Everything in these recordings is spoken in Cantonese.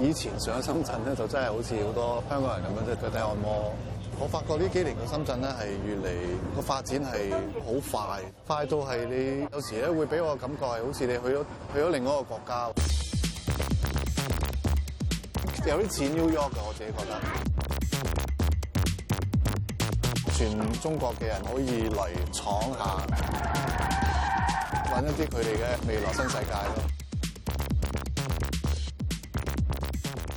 以前上深圳咧，就真係好似好多香港人咁樣即係腳底按摩。我發覺呢幾年個深圳咧係越嚟個發展係好快，快到係你有時咧會俾我感覺係好似你去咗去咗另外一個國家，有啲似 New York 嘅，我自己覺得。全中國嘅人可以嚟闖下，揾一啲佢哋嘅未來新世界咯。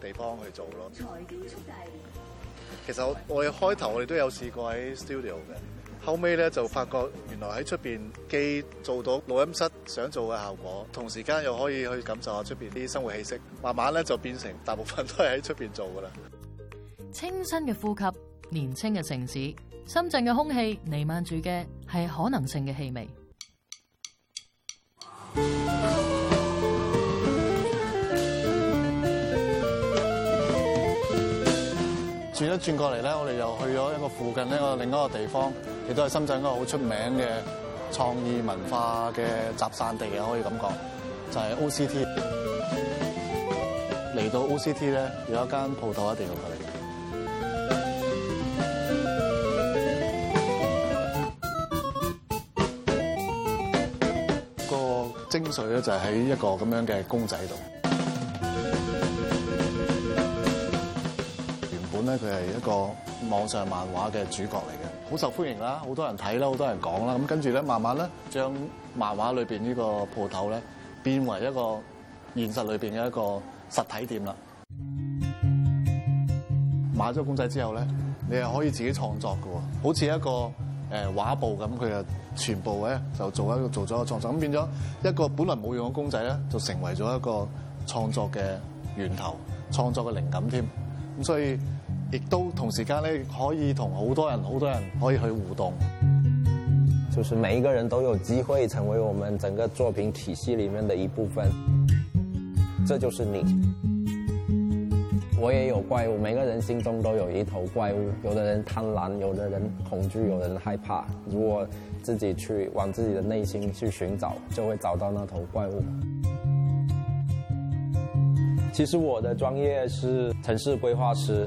地方去做咯。其實我我哋開頭我哋都有試過喺 studio 嘅，後尾咧就發覺原來喺出邊既做到錄音室想做嘅效果，同時間又可以去感受下出邊啲生活氣息。慢慢咧就變成大部分都係喺出邊做噶啦。清新嘅呼吸，年輕嘅城市，深圳嘅空氣，瀰漫住嘅係可能性嘅氣味。轉一轉過嚟咧，我哋又去咗一個附近一個另外一個地方，亦都係深圳一個好出名嘅創意文化嘅集散地啊！可以咁講，就係 OCT。嚟到 OCT 咧，有一間鋪頭一定要佢嚟。個精髓咧就喺一個咁樣嘅公仔度。咧佢係一個網上漫畫嘅主角嚟嘅，好受歡迎啦，好多人睇啦，好多人講啦。咁跟住咧，慢慢咧將漫畫裏邊呢個鋪頭咧變為一個現實裏邊嘅一個實體店啦。買咗公仔之後咧，你係可以自己創作嘅喎，好似一個誒畫布咁，佢啊全部咧就做一個做咗一個創作咁，變咗一個本來冇用嘅公仔咧，就成為咗一個創作嘅源頭、創作嘅靈感添。咁所以。亦都同時間咧，可以同好多人、好多人可以去互動。就是每一個人都有機會成為我們整個作品體系裏面的一部分。這就是你。我也有怪物，每個人心中都有一頭怪物。有的人貪婪，有的人恐懼，有的人害怕。如果自己去往自己的內心去尋找，就會找到那頭怪物。其實我的專業是城市規劃師。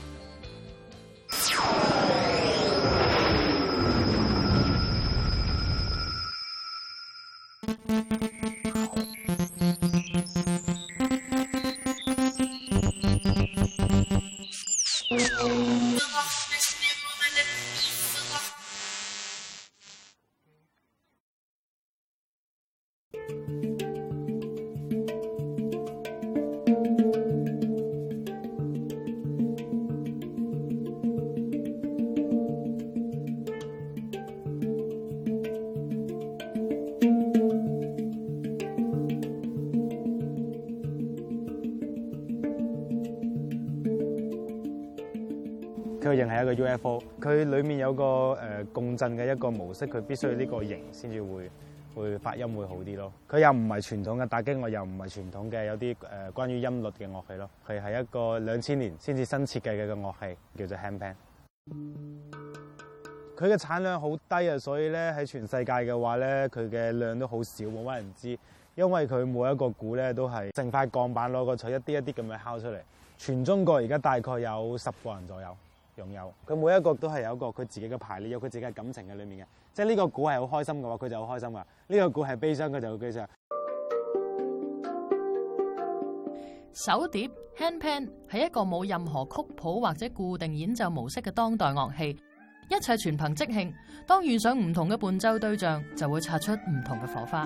佢型係一個 UFO，佢裡面有個誒、呃、共振嘅一個模式，佢必須要呢個型先至會會發音會好啲咯。佢又唔係傳統嘅打擊樂，又唔係傳統嘅有啲誒、呃、關於音律嘅樂器咯。佢係一個兩千年先至新設計嘅個樂器，叫做 handpan。佢嘅產量好低啊，所以咧喺全世界嘅話咧，佢嘅量都好少，冇乜人知。因為佢每一個鼓咧都係成塊鋼板攞個錘一啲一啲咁樣敲出嚟。全中國而家大概有十個人左右。擁有佢每一個都係有一個佢自己嘅排列，有佢自己嘅感情喺裏面嘅。即係呢個鼓係好開心嘅話，佢就好開心噶；呢、呢個鼓係悲傷，佢就會悲傷。手碟 （handpan） 係一個冇任何曲譜或者固定演奏模式嘅當代樂器，一切全憑即興。當遇上唔同嘅伴奏對象，就會擦出唔同嘅火花。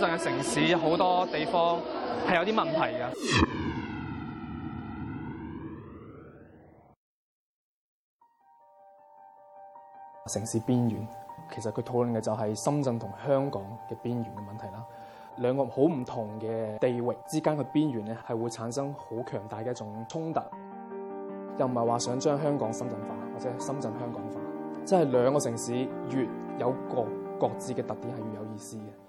深圳嘅城市好多地方係有啲問題嘅。城市邊緣，其實佢討論嘅就係深圳同香港嘅邊緣嘅問題啦。兩個好唔同嘅地域之間嘅邊緣咧，係會產生好強大嘅一種衝突。又唔係話想將香港深圳化，或者深圳香港化，即係兩個城市越有各各自嘅特點，係越有意思嘅。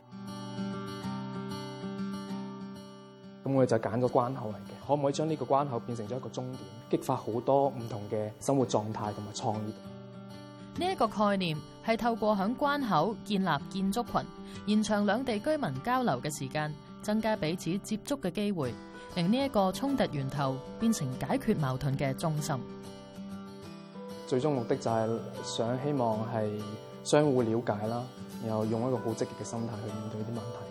咁我哋就揀個關口嚟嘅，可唔可以將呢個關口變成咗一個終點，激發好多唔同嘅生活狀態同埋創意？呢、這、一個概念係透過響關口建立建築群，延長兩地居民交流嘅時間，增加彼此接觸嘅機會，令呢一個衝突源頭變成解決矛盾嘅中心。最終目的就係想希望係相互了解啦，然後用一個好積極嘅心態去面對啲問題。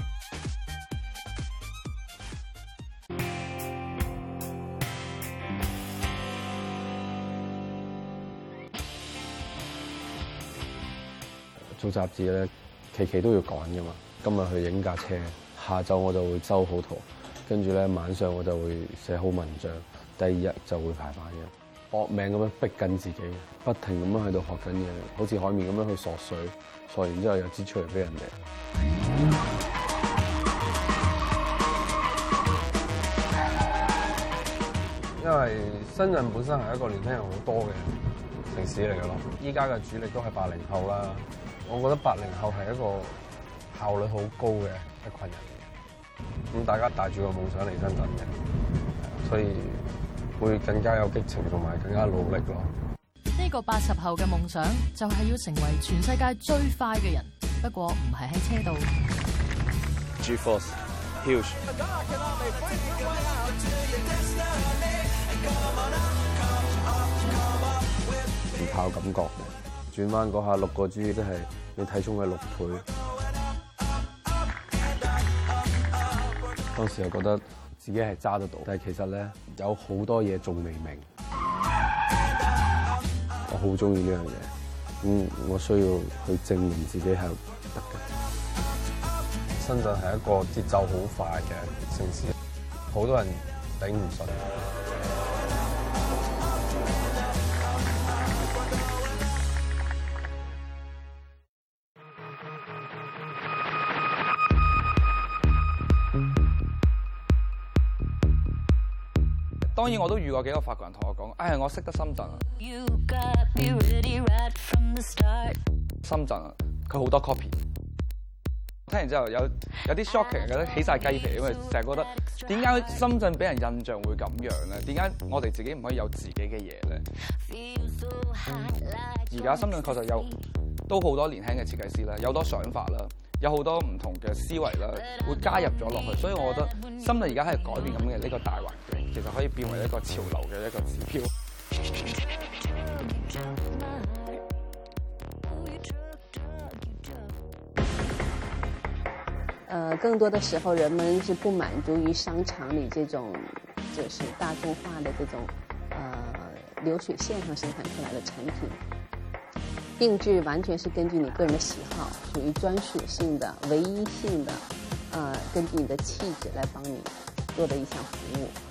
做雜誌咧，期期都要趕㗎嘛。今日去影架車，下晝我就會收好圖，跟住咧晚上我就會寫好文章，第二日就會排版嘅，搏命咁樣逼緊自己，不停咁樣喺度學緊嘢，好似海綿咁樣去索水，索完之後又支出嚟俾人哋。因為深圳本身係一個年輕人好多嘅城市嚟嘅咯，依家嘅主力都係八零後啦。我覺得八零後係一個效率好高嘅一群人，咁大家帶住個夢想嚟深圳嘅，所以會更加有激情同埋更加努力咯。呢個八十後嘅夢想就係要成為全世界最快嘅人，不過唔係喺車度。G force huge，轉彎嗰下六個 G 都係，你體重嘅六倍。 當時我覺得自己係揸得到，但係其實咧有好多嘢仲未明。 我好中意呢樣嘢，咁、嗯、我需要去證明自己係得嘅。深圳係一個節奏好快嘅城市，好多人頂唔順。當然我都遇過幾個法國人同我講，哎我識得深圳啊、嗯！深圳啊，佢好多 copy。聽完之後有有啲 shocking，覺得起晒雞皮，因為成日覺得點解深圳俾人印象會咁樣咧？點解我哋自己唔可以有自己嘅嘢咧？而、嗯、家深圳確實有都好多年輕嘅設計師啦，有好多想法啦，有好多唔同嘅思維啦，會加入咗落去，所以我覺得深圳而家係改變咁嘅呢個大環。其實可以變為一個潮流的一個指標。呃，更多的時候，人們是不滿足於商場裏這種就是大眾化的這種呃流水線上生產出來的產品。定製完全是根據你個人的喜好，屬於專屬性的、唯一性的，呃，根據你的氣質來幫你做的一項服務。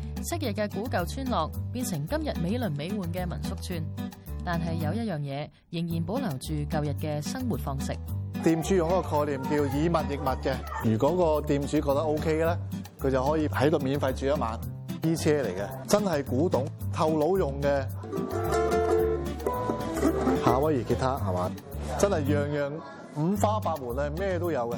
昔日嘅古舊村落變成今日美輪美奐嘅民宿村，但係有一樣嘢仍然保留住舊日嘅生活方式。店主用一個概念叫以物易物嘅，如果個店主覺得 OK 嘅咧，佢就可以喺度免費住一晚。啲 車嚟嘅，真係古董，透腦用嘅夏威夷吉他係嘛，？ 真係樣樣五花八門啊，咩都有嘅。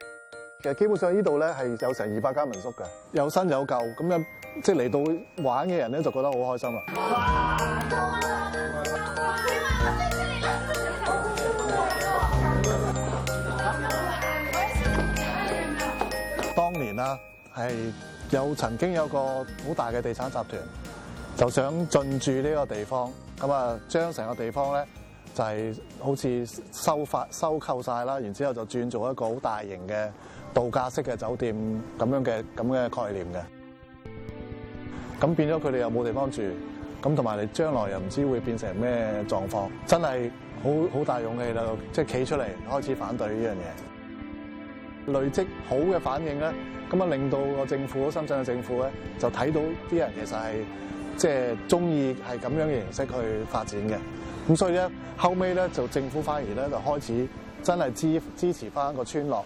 基本上呢度咧係有成二百間民宿嘅，有新有舊咁樣，即係嚟到玩嘅人咧就覺得好開心啦。當年啦係有曾經有個好大嘅地產集團就想進駐呢個地方，咁啊將成個地方咧就係好似收發收購晒啦，然之後就轉做一個好大型嘅。度假式嘅酒店咁樣嘅咁嘅概念嘅，咁變咗佢哋又冇地方住，咁同埋你將來又唔知會變成咩狀況，真係好好大勇氣啦！即係企出嚟開始反對呢樣嘢，累積好嘅反應咧，咁啊令到個政府、深圳嘅政府咧就睇到啲人其實係即係中意係咁樣嘅形式去發展嘅。咁所以咧後尾咧就政府反而咧就開始真係支支持返個村落。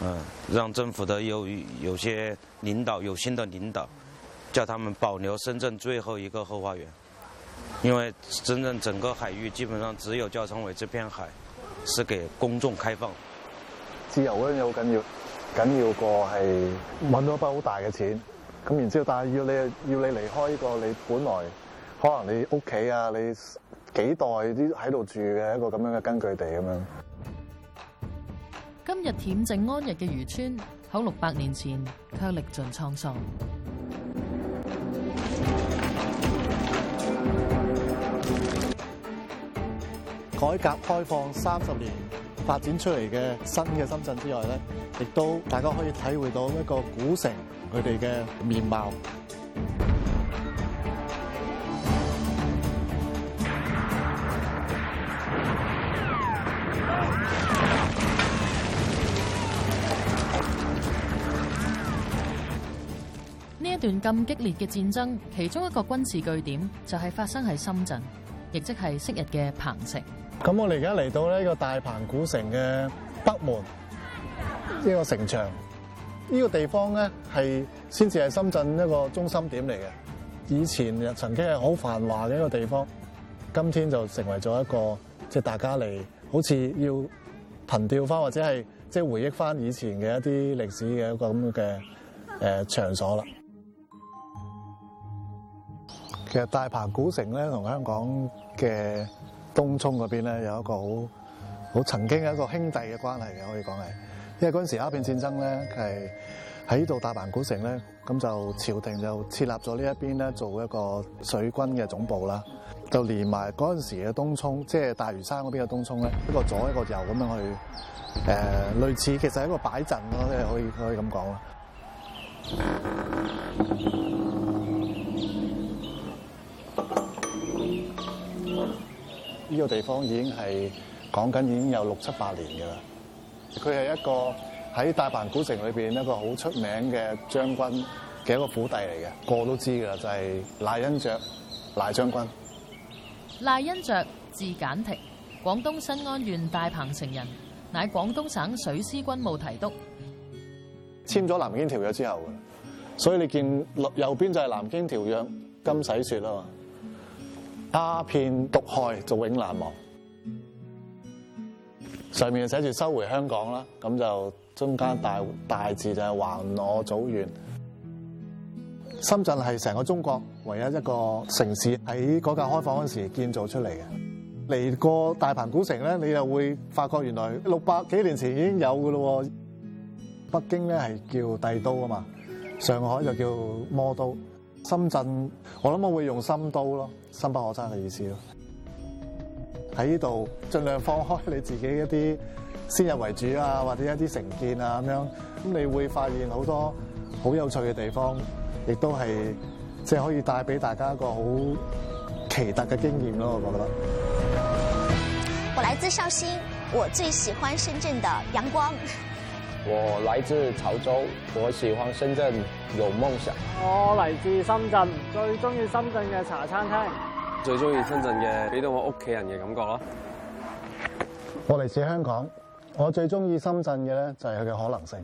嗯，讓政府的有有些領導，有新的領導，叫他們保留深圳最後一個後花園，因為深圳整個海域基本上只有較場尾這片海，是給公眾開放。自由嗰樣嘢好緊要，緊要過係揾到一筆好大嘅錢，咁然之後，但係要你要你離開呢個你本來可能你屋企啊，你幾代啲喺度住嘅一個咁樣嘅根據地咁樣。日恬靜安逸嘅漁村，喺六百年前卻歷盡滄桑。改革開放三十年發展出嚟嘅新嘅深圳之外咧，亦都大家可以體會到一個古城佢哋嘅面貌。呢一段咁激烈嘅戰爭，其中一個軍事據點就係發生喺深圳，亦即係昔日嘅鵬城。咁我哋而家嚟到呢個大鵬古城嘅北門呢個城牆，呢、這個地方咧係先至係深圳一個中心點嚟嘅。以前曾經係好繁華嘅一個地方，今天就成為咗一個即係、就是、大家嚟，好似要憑弔翻或者係即係回憶翻以前嘅一啲歷史嘅一個咁嘅誒場所啦。其實大鵬古城咧同香港嘅東湧嗰邊咧有一個好好曾經一個兄弟嘅關係嘅，可以講係，因為嗰陣時鴉片戰爭咧係喺呢度大鵬古城咧，咁就朝廷就設立咗呢一邊咧做一個水軍嘅總部啦，就連埋嗰陣時嘅東湧，即係大嶼山嗰邊嘅東湧咧，一個左一個右咁樣去，誒、呃，類似其實係一個擺陣咯，即係可以可以咁講啦。呢、這個地方已經係講緊已經有六七百年嘅啦。佢係一個喺大鵬古城裏邊一個好出名嘅將軍嘅一個府邸嚟嘅，個個都知噶啦，就係、是、賴恩爵賴將軍。賴恩爵字簡亭，廣東新安縣大鵬城人，乃廣東省水師軍務提督。簽咗《南京條約》之後啊，所以你見右邊就係《南京條約》金洗雪啦嘛。鴉片毒害，永永難忘。上面就寫住收回香港啦，咁就中間大大字就係還我祖園。深圳係成個中國唯一一個城市喺改革開放嗰時候建造出嚟嘅。嚟過大鵬古城咧，你就會發覺原來六百幾年前已經有嘅咯喎。北京咧係叫帝都啊嘛，上海就叫魔都。深圳，我諗我會用深都咯，深不可測嘅意思咯。喺呢度盡量放開你自己一啲先入為主啊，或者一啲成見啊咁樣，咁你會發現好多好有趣嘅地方，亦都係即係可以帶俾大家一個好奇特嘅經驗咯，我覺得。我來自紹興，我最喜歡深圳的陽光。我來自潮州，我喜歡深圳，有夢想。我來自深圳，最中意深圳嘅茶餐廳，最中意深圳嘅，俾到我屋企人嘅感覺。我嚟自香港，我最中意深圳嘅呢，就係佢嘅可能性。